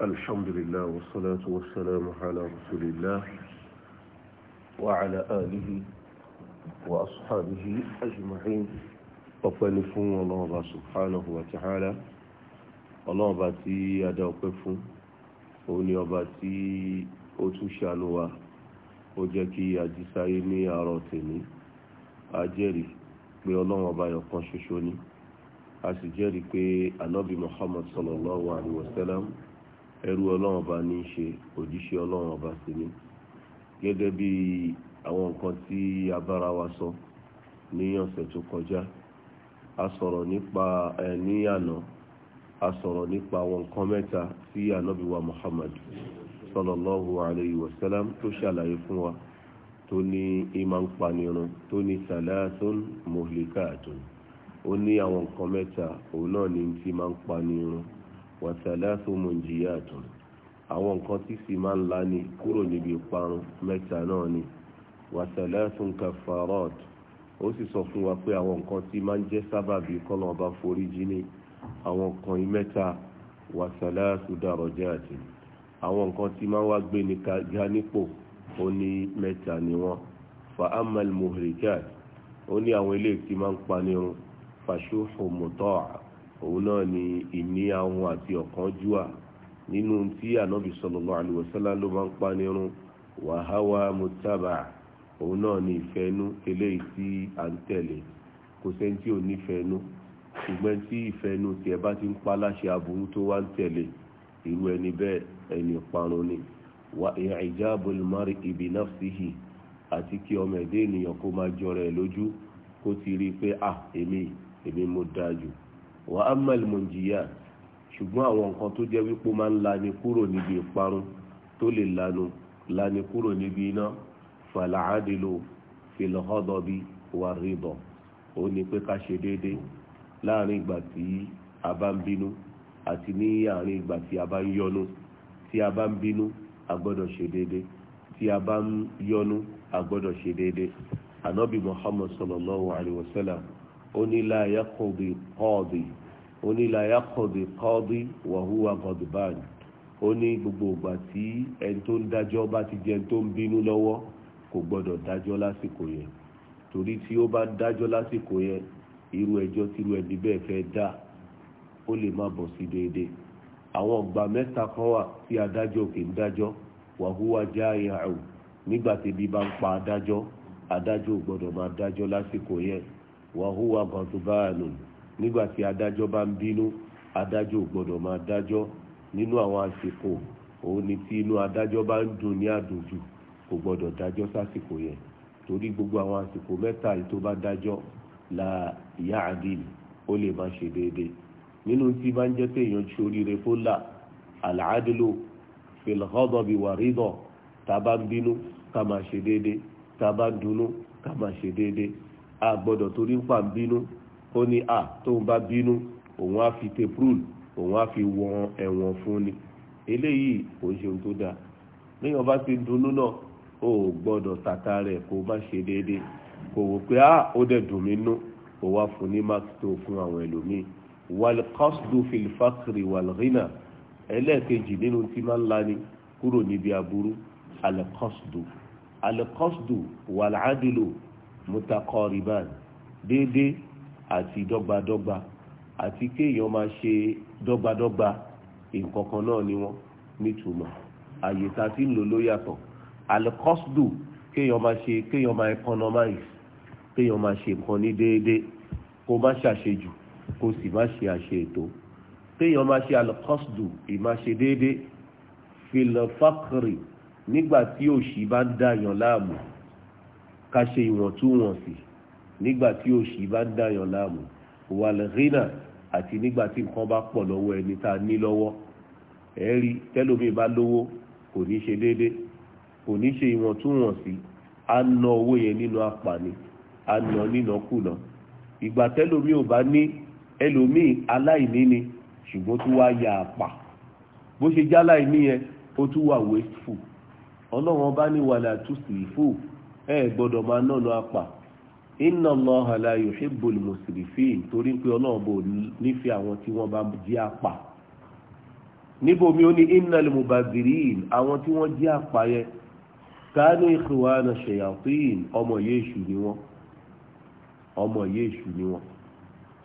الحمد لله والصلاة والسلام على رسول الله وعلى آله وأصحابه أجمعين ọpẹ́ni fún ọlọ́ọ̀bá subhanahu wa ta'ala ọlọ́ọ̀bá tí a dá ọpẹ́ fún òun ni ọba tí ó tún ṣàánú wa ó jẹ́ kí ajísáyé ní àárọ̀ tèmi a jẹ́rìí pé ọlọ́run ọba yọ̀kan ṣoṣo ni a sì jẹ́rìí pé anabi muhammad sallallahu alayhi wa sallam ẹrú ọlọ́run ọba ní í ṣe òjíṣẹ́ ọlọ́run ọba sí ni gẹ́gẹ́ bí àwọn nǹkan tí a wa sọ ní ọ̀sẹ̀ tó a sọ̀rọ̀ nípa ẹ̀ àná a sọ̀rọ̀ nípa àwọn nǹkan mẹ́ta wa Muhammad sallallahu alayhi wa sallam tó ṣàlàyé fún wa tó ní imam tó ní ó ní àwọn nǹkan mẹ́ta òun náà ní ti máa wàtàlásù munjiyatun àwọn nǹkan tí sì máa ń lani kúrò níbi ìparun mẹ́ta náà ni wàtàlásù kafarat ó sì sọ fún wa pé àwọn nǹkan tí máa ń jẹ́ sábàbí kọ́nà ọba foríjì ni àwọn nǹkan yìí mẹ́ta wàtàlásù darajati àwọn nǹkan tí máa ń wá gbé ní ga nípò ó ní mẹ́ta ni wọ́n fa amal muhrikat ó ní àwọn ilé tí máa ń pa nírun fàṣùfù mùtọ́à òun náà ni ìní ahun àti ọ̀kánjúwà nínú tí ànábì sallallahu alaihi wasallam ló máa ń pa nírun wàháwá mutaba òun náà ni ìfẹ́nu eléyìí tí à ń tẹ̀lé kò sẹ́ni tí ò nífẹ̀ẹ́nu ṣùgbọ́n tí ìfẹ́nu tiẹ̀ bá ti ń pa láṣẹ aburú tó wá ń tẹ̀lé irú ẹni bẹ́ẹ̀ ẹni parun ni wà i'jabul mar'i bi nafsihi àti kí ọmọ ẹ̀dẹ́ ènìyàn kó máa jọra ẹ̀ lójú kó ti rí i pé à ah, èmi èmi mo dáa jù wà á mọ̀ ìmọ̀jìyà ṣùgbọ́n àwọn nǹkan tó jẹ́ wípé máa ń lani kúrò níbi ìparun tó lè lanu lani kúrò níbi iná fàlàádìlò fìlọ́họ́dọ̀bí wà rìbọ̀ ó ní pé ká ṣe déédéé láàrin ìgbà tí a bá ń bínú àti ní àárín ìgbà tí a bá ń yọnu a bá ń a gbọ́dọ̀ ṣe déédéé tí a bá ń a gbọ́dọ̀ ṣe déédéé anabi muhammad sallallahu wa sallam la ó ní láyà kọ̀dé kọ́dí wàhúwà gọ̀dùbáàdì ó ní gbogbo ìgbà tí ẹni tó ń dájọ́ bá ti jẹ́ ẹni tó ń bínú lọ́wọ́ kò gbọ́dọ̀ dájọ́ lásìkò yẹn torí tí ó bá dájọ́ lásìkò yẹn irú ẹjọ́ tírú ẹni bẹ́ẹ̀ fẹ́ dá ó lè má bọ̀ sí déédéé àwọn ọgbà mẹ́ta kan wà tí adájọ́ kì í dájọ́ wàhúwà já ìhàù nígbà tẹ́bi bá ń pa adájọ́ adájọ́ gbọ́dọ̀ máa dájọ́ lásìkò yẹn wàhúwà gọ̀dùbáàdì nígbà tí adájọ́ bá ń bínú adájọ́ ò gbọ́dọ̀ máa dájọ́ nínú àwọn àsìkò òun ni tí inú adájọ́ bá ń dùn ní àdùnjù kò gbọ́dọ̀ dájọ́ sásìkò yẹn torí gbogbo àwọn àsìkò mẹ́ta yìí tó bá dájọ́ la ìyá àdìl ó lè má ṣe déédéé nínú tí bá ń jẹ́ pé èèyàn ṣe oríire kó là àlàádìlò fìlọ́dọ̀bì wàrídọ̀ tá a bá ń bínú ká máa ṣe déédéé tá a bá ń dunú ká máa ṣe déédéé a torí ń pa ń bínú ó ní à tóun bá bínú òun á fi teprul òun á fi wọn ẹ̀wọ̀n fún ni eléyìí kò ń ṣe ohun tó dáa léèyàn bá ti dunnú náà ó gbọ́dọ̀ tàta rẹ̀ kó má ṣe déédéé kò wò pé à ó dẹ̀ dùn mí nú ó wá fún ní máàkì tó fún àwọn ẹlòmíì wàlkọ́sùdù fìlfàkìrì wàlgínà ẹlẹ́ẹ̀kejì nínú tí máa ń lani kúrò níbi aburú alkọ́sùdù alkọ́sùdù wàládìlò mutakọ́rìbán déédéé àti dọ́gbadọ́gba àti kéèyàn máa ṣe dọ́gbadọ́gba nǹkan kan náà ni wọ́n nítumọ̀ àyè tá a ti ń lò ló yàtọ̀ alikọ́sùdù kéèyàn máa ṣe kéèyàn máa economize kéèyàn máa ṣe nǹkan ní déédéé kó má ṣàṣejù kó sì má ṣe àṣeètò kéèyàn máa ṣe alikọ́sùdù ìmáṣe déédéé filofakiri nígbà tí òṣì bá ń dàyàn láàmú ká ṣe ìwọ̀ntúnwọ̀nsì nígbà tí òṣì bá ń dàyàn láàmú wàlẹ́rìnà àti nígbà tí nǹkan bá pọ̀ lọ́wọ́ ẹni tá a ní lọ́wọ́ ẹ̀rí tẹ́lómi bá lówó kò ní ṣe déédé kò ní ṣe ìwọ̀ntúnwọ̀nsí á ná owó yẹn nínú apàní á ná nínàkúnà ìgbà tẹ́lómi ò bá ní ẹlòmíì aláìní ni ṣùgbọ́n tó wá ya àpà bó ṣe já aláìní yẹn ó tún wà wasteful ọlọ́run ọba ní wàlẹ́ àtúnṣe ìfò ẹ̀ gbọ́dọ̀ máa náà apà inna allaha la yuhibbul musrifin torí pé ọlọ́run bò nífẹ̀ẹ́ àwọn tí wọ́n bá jí apà níbomi ó ní innal mubadhirin àwọn tí wọ́n jí apà yẹn kánú ikhwana shayatin ọmọ yéṣù ni wọ́n ọmọ yéṣù ni wọ́n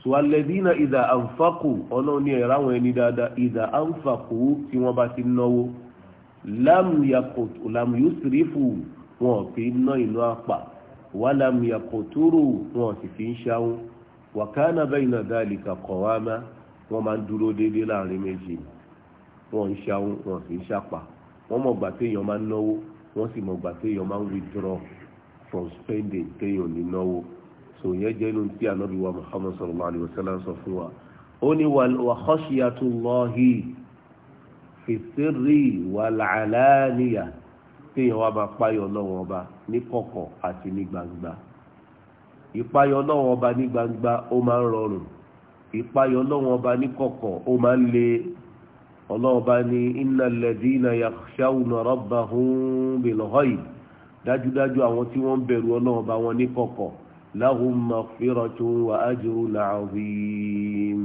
sùwàlẹ́dínà ìdà ànfàkù ọlọ́run ní ẹ̀rọ àwọn ẹni dáadáa ìdà ànfàkù tí wọ́n bá ti náwó lam yusrifu wọn kì í ná ìlú apà wàlámù yàkòtúrò wọn sì fi ń ṣáwó wàkánà bẹ́yìn náà dáàlì kàkọ́ wá má wọ́n máa ń dúró déédéé láàrin méjì wọ́n ń ṣáwó wọ́n sì ń ṣàpà wọ́n mọ̀ gbà téèyàn máa ń náwó wọ́n sì mọ̀ gbà téèyàn máa ń withdraw from spending téèyàn ní náwó so yẹn jẹ́ inú tí ànábì wa muhammad sallallahu alayhi wa sallam sọ fún wa ó ní wa khashiyatullahi fi sirri wal kéèyàn wá máa páyọ̀ ọlọ́run ọba ní kọ̀kọ̀ àti ní gbangba ìpáyọ̀ ọlọ́run ọba ní gbangba ó máa ń rọrùn ìpáyọ̀ ọlọ́run ọba ní kọ̀kọ̀ ó máa ń le ọlọ́run ọba ní wọn ní kọ̀kọ̀ wa ajrun azim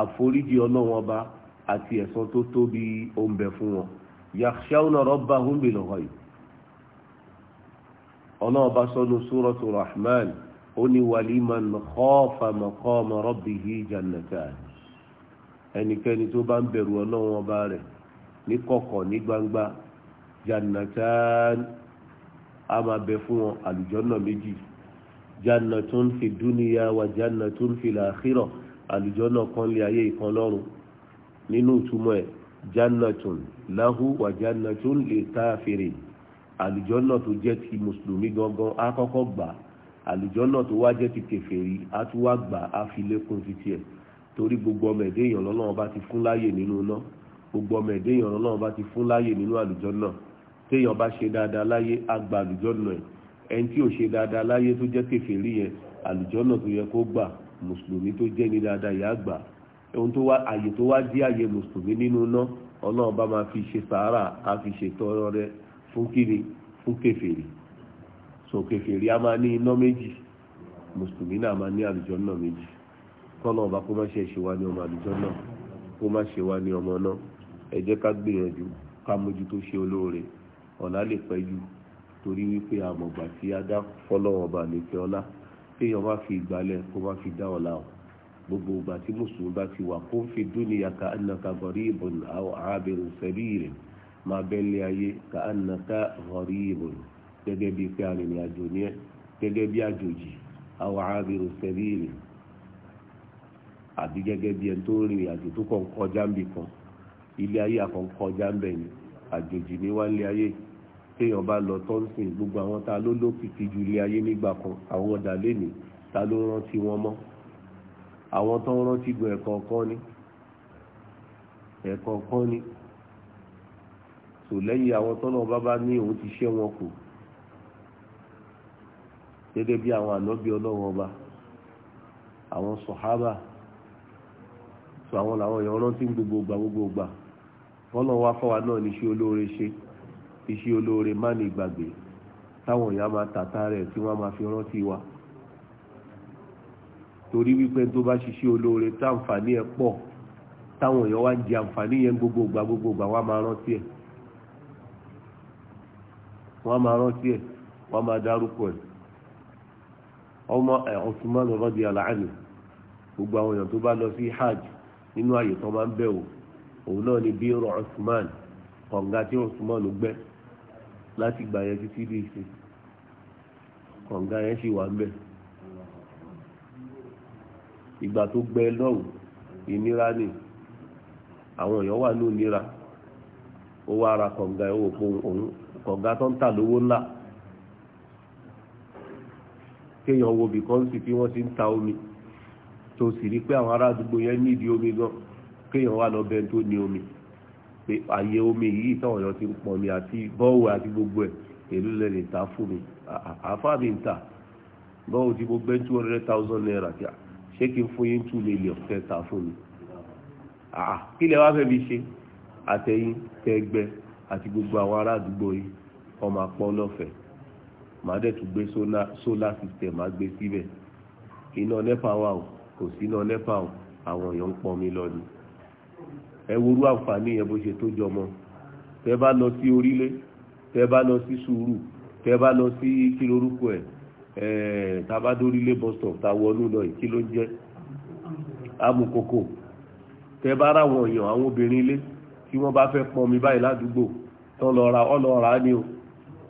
àforíjì ọlọ́run ọba àti tó tóbi ó ń bẹ yakhshawna rabbahum bil ghaib ọlọ́ọ̀bá sọ́nu súrọ́tù rahman ó ní waliman khafa maqama rabbihi jannatan ẹnikẹ́ni tó bá ń bẹ̀rù ọlọ́run ọba rẹ̀ ní kọ̀kọ̀ ní gbangba jannatan a máa bẹ fún wọn àlùjọ́nà méjì jannatun fi dúníyà wa jannatun fil akhirah àlùjọ́nà kan lé ayé ìkan lọ́run nínú ìtumọ̀ ẹ̀ jannatun lahu wa jannatun le taafiri. àlùjọ́nà tó jẹ́ ti mùsùlùmí gangan á kọ́kọ́ gbà àlùjọ́nà tó wá jẹ́ ti kèfèrí á tún wá gbà á fi lékún títí ẹ̀ torí gbogbo ọmọ ẹ̀dẹ́ èèyàn lọ́lọ́run bá ti fún láàyè nínú iná gbogbo ọmọ ẹ̀dẹ́ èèyàn lọ́lọ́run bá ti fún láàyè nínú àlùjọ́nà téèyàn bá ṣe dáadáa láyé á gba àlùjọ́nà ẹ̀ ò ṣe dáadáa láyé tó jẹ́ kèfèrí yẹn àlùjọ́nà tó yẹ kó gbà mùsùlùmí tó jẹ́ ní dáadáa yà á ohun tó wá àyè tó wá di àyè mùsùlùmí nínú iná ọlọ́run bá máa fi ṣe sàárà ká fi ṣètọrọ rẹ fún kíni fún kèfèrí so kèfèrí a máa ní iná méjì mùsùlùmí náà máa ní àlùjọ náà méjì kọ́nà ọba kó má ṣe ṣe wá ní ọmọ àlùjọ náà kó má ṣe wá ní ọmọ náà ẹ jẹ́ ká gbìyànjú ká mójútó ṣe olóore ọ̀la lè pẹ́ jù torí wípé àmọ̀gbà tí a dá fọ́lọ́wọ́n ọba nìkẹ́ ọlá kéèyàn má fi ìgbálẹ̀ kó má fi dá ọ̀la o gbogbo ìgbà tí mùsùlùmí bá ti wà kó fi dúnìyà ka annaka gharibun aw abirun sabirin máa bẹ́lẹ̀ ayé ka annaka gharibun gẹ́gẹ́ bí pé arìnrìn àjò ní ẹ gẹ́gẹ́ bí àjòjì aw abirun sabirin àbí gẹ́gẹ́ bí ẹni tó rìnrìn àjò tó kàn kọjá ń bì kan ilé ayé àkàn kọjá ń bẹ̀ ni àjòjì ní wá ilé ayé téèyàn bá lọ tọ́sìn gbogbo àwọn ta ló lókìkí ju ilé ayé nígbà kan àwọn ọ̀dà lénìí ta ló rántí wọn mọ́ àwọn tó ń rántí gbọ́ ẹ̀kọ̀ọ̀kan ni ẹ̀kọ̀ọ̀kan ni tò lẹ́yìn àwọn tọ́nà bábá ní òun ti ṣẹ́ wọn kù gẹ́gẹ́ bí àwọn ànábì ọlọ́wọ́ ọba àwọn sọ̀hábà tó àwọn làwọn èèyàn rántí gbogbo gbà gbogbo gbà tọ́nà wá fọwọ́ náà ní iṣẹ́ olóore ṣe iṣẹ́ olóore má ní ìgbàgbé táwọn èèyàn máa tàta rẹ̀ tí wọ́n máa fi rántí wa torí wípé tó bá ṣiṣẹ́ olóore táǹfààní ẹ̀ pọ̀ táwọn èèyàn wá ń jẹ àǹfààní yẹn gbogbo ìgbà gbogbo ìgbà wọ́n á máa rántí ẹ̀ wọ́n á máa rántí ẹ̀ wọ́n á máa dárúkọ ẹ̀ ọmọ ẹ̀ Usman radiyallahu anhu gbogbo àwọn èèyàn tó bá lọ sí hajj nínú àyè tó máa ń bẹ̀ wò òun náà ni bí rọ Usman kọ̀ǹga tí Usman gbẹ́ láti gbà yẹn títí dé ìsìn kọ̀ǹga yẹn sì wà ń bẹ̀ ìgbà tó gbẹ lọ́hùn ìnira ni àwọn èèyàn wà ní ìnira ó wá ra kọ̀ǹga owó fún òun kọ̀ǹga tó ń tà lówó ńlá kéèyàn wo bìkọ́ǹsì tí wọ́n ti ń ta omi tó sì rí pé àwọn ará àdúgbò yẹn nídìí omi gan kéèyàn wá lọ bẹ́ẹ̀ tó ní omi pé àyè omi yìí táwọn èèyàn ti ń pọn mi àti bọ́ọ̀wù àti gbogbo ẹ̀ èlú lẹ lè ta fún mi àáfàá mi ń ta bọ́ọ̀wù tí mo gbé two hundred thousand naira tí ṣé kí n fún yín two million kẹta fún mi kí lẹ wá fẹ́ fi ṣe àtẹ̀yìn tẹ́gbẹ́ àti gbogbo àwọn ará àdúgbò yìí ọmọ apọ́ lọ́fẹ̀ẹ́ màá dẹ̀ tún gbé solar system á gbé síbẹ̀ iná nepa wà o kò sí iná nepa o àwọn èèyàn ń pọnmi lọ ni ẹ worú àǹfààní yẹn bó ṣe tó jọmọ tẹ bá lọ sí orílẹ̀ tẹ bá lọ sí sùúrù tẹ bá lọ sí kí lorúkọ ẹ̀ Eh, tabadórílé bus stop ta wọnú lọ kí ló ń jẹ́ amukoko tẹ bá ra àwọn èèyàn àwọn obìnrin ilé tí wọ́n bá fẹ́ pọnmi báyìí ládùúgbò tán lọ ra ọlọ ra ni o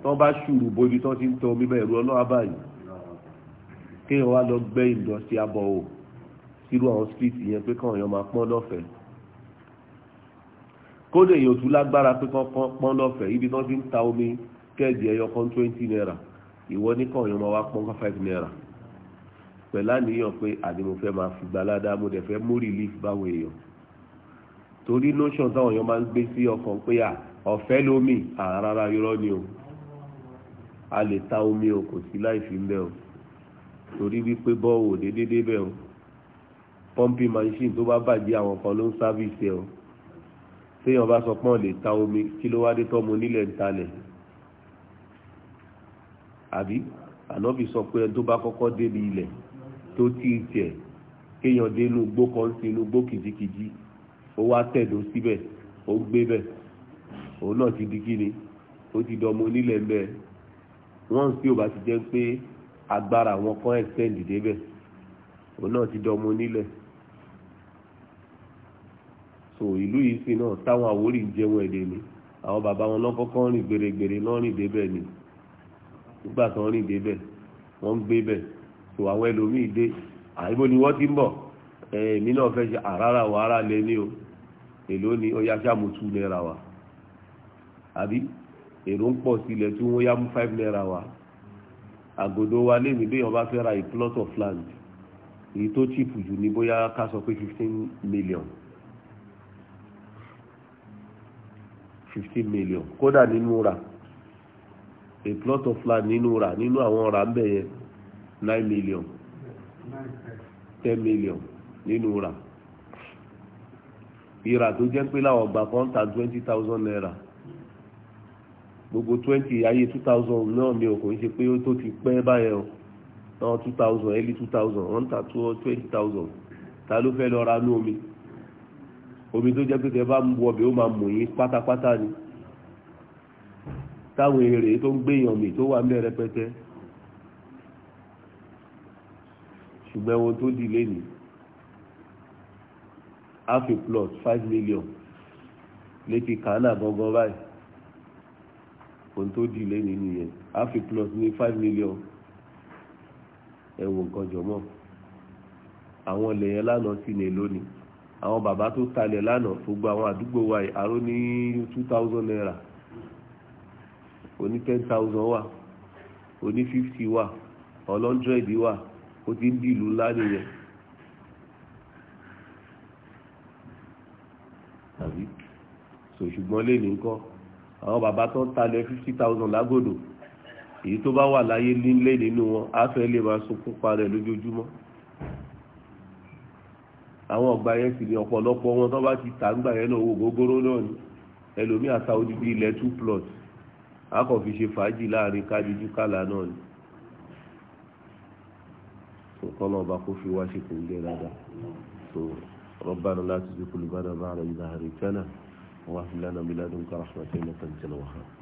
tán bá ṣùrù bójú tán ti ń tọ omi bẹ̀rù ọlọ́wà báyìí kéèyàn wá lọ gbẹ́ ìdọ̀tí abọ̀ o sírú àwọn street yẹn pé káwọn èèyàn máa pọ́n lọ́fẹ̀ẹ́ kódé èèyàn tún lágbára pé kán pọ́n lọ́fẹ̀ẹ́ ibi tán ti ń ta omi kẹ́ẹ̀dì ẹyọ kan twenty naira ìwọ nìkan yóò máa wá pọ́n five naira pẹ̀lú àníyàn pé àdìmọ̀ fẹ́ máa fi gbalada mo dẹ̀ fẹ́ mú relief báwọn èèyàn torí notion táwọn èèyàn máa ń gbé sí ọkàn pé à ọ̀fẹ́ lómi àràrà irọ́ ni o a lè ta omi o kò sí láì fi ń bẹ́ o torí wípé bọ́ọ̀ ò dédédé bẹ́ẹ̀ o pumping machine tó bá bàjẹ́ àwọn kan ló ń sáfìsì ẹ̀ o téèyàn bá sọ pọ́n lè ta omi kí ló wá dé tọ́ mo nílẹ̀ ń talẹ̀ àbí ànábì sọ pé ẹni tó bá kọ́kọ́ dé ní ilẹ̀ tó tí ì tiẹ̀ kéèyàn dé inú igbó kan sí inú igbó kìjikìji ó wá tẹ̀dó síbẹ̀ ó gbé bẹ̀ òun náà ti di kíni ó ti dọmọ onílẹ̀ ńbẹ wọ́n sì ò bá ti jẹ́ pé agbára àwọn kan extend débẹ̀ òun náà ti dọmọ onílẹ̀ so ìlú yìí sì náà táwọn àwórì ń jẹun ẹ̀dẹ̀ ni àwọn bàbá wọn lọ́kọ́kọ́ rìn gbèrègbèrè lọ́rìn débẹ̀ ni nígbà tó ń rìn débẹ̀ wọ́n ń gbé bẹ̀ tó àwọn ẹlòmíì dé àyíbó ni wọ́n ti ń bọ̀ èmi náà fẹ́ ṣe àràrà wàhálà lé ní o èló ni ó yá sàmù wa àbí èrò ń pọ̀ sílẹ̀ tí wọ́n yá mú five naira wa àgòdó wa lémi bí wọ́n bá fẹ́ ra a plot of land èyí tó chìpù jù ní bóyá ká sọ pé fifteen million fifteen million kódà nínú ra a plot of land nínú rà nínú àwọn rà ń bẹ̀ yẹn nine million ten million nínú rà ìrà tó jẹ́ pé láwọn ọgbà kan ta twenty thousand naira gbogbo twenty ayé two thousand náà mi ò kò ń ṣe pé ó tó ti pẹ́ báyẹn o náà two thousand early two thousand wọ́n ta twenty thousand ta ló fẹ́ lọ ra nú omi omi tó jẹ́ pé tẹ bá mu ọbẹ̀ ó máa mú yín pátápátá ni táwọn èrè tó ń gbéyàn mi tó wà mẹ́ rẹpẹtẹ ṣùgbọ́n wọn tó dìlé ní half a plus five million létí kánà gangan báyìí ohun tó dìlé ní nìyẹn half a plus ní five million ẹ̀wọ̀n nǹkan jọ̀mọ́ àwọn ilẹ̀ yẹn lánàá sí ni lónìí àwọn bàbá tó talẹ̀ lánàá gbogbo àwọn àdúgbò wa yìí aró ní two thousand naira oní ten thousand wà oní fifty wà ọlọ́ndrẹ́dì wà ó ti ń di ìlú ńlá nìyẹn. tàbí ṣòṣùgbọ́n lè ní kọ́ àwọn bàbá tó ń talẹ̀ fifty thousand lágòdò èyí tó bá wà láyé nílé nínú wọn á fẹ́ lè máa sunkún parẹ́ lójoojúmọ́ àwọn ọgbà yẹn sì ní ọ̀pọ̀lọpọ̀ wọn tó bá ti tà ń gbà yẹn náà owó gógóró náà ni ẹlòmíì àtàwọn odidi ilẹ̀ two plots a kò fi ṣe fàájì láàrin kájíjú kálá náà ni so kọ́nà ọba kó fi wá ṣe kò ń gẹ́ dáadáa so ربنا لا تزغ قلوبنا بعد إذ هديتنا وهب لنا من لدنك رحمة إنك أنت الوهاب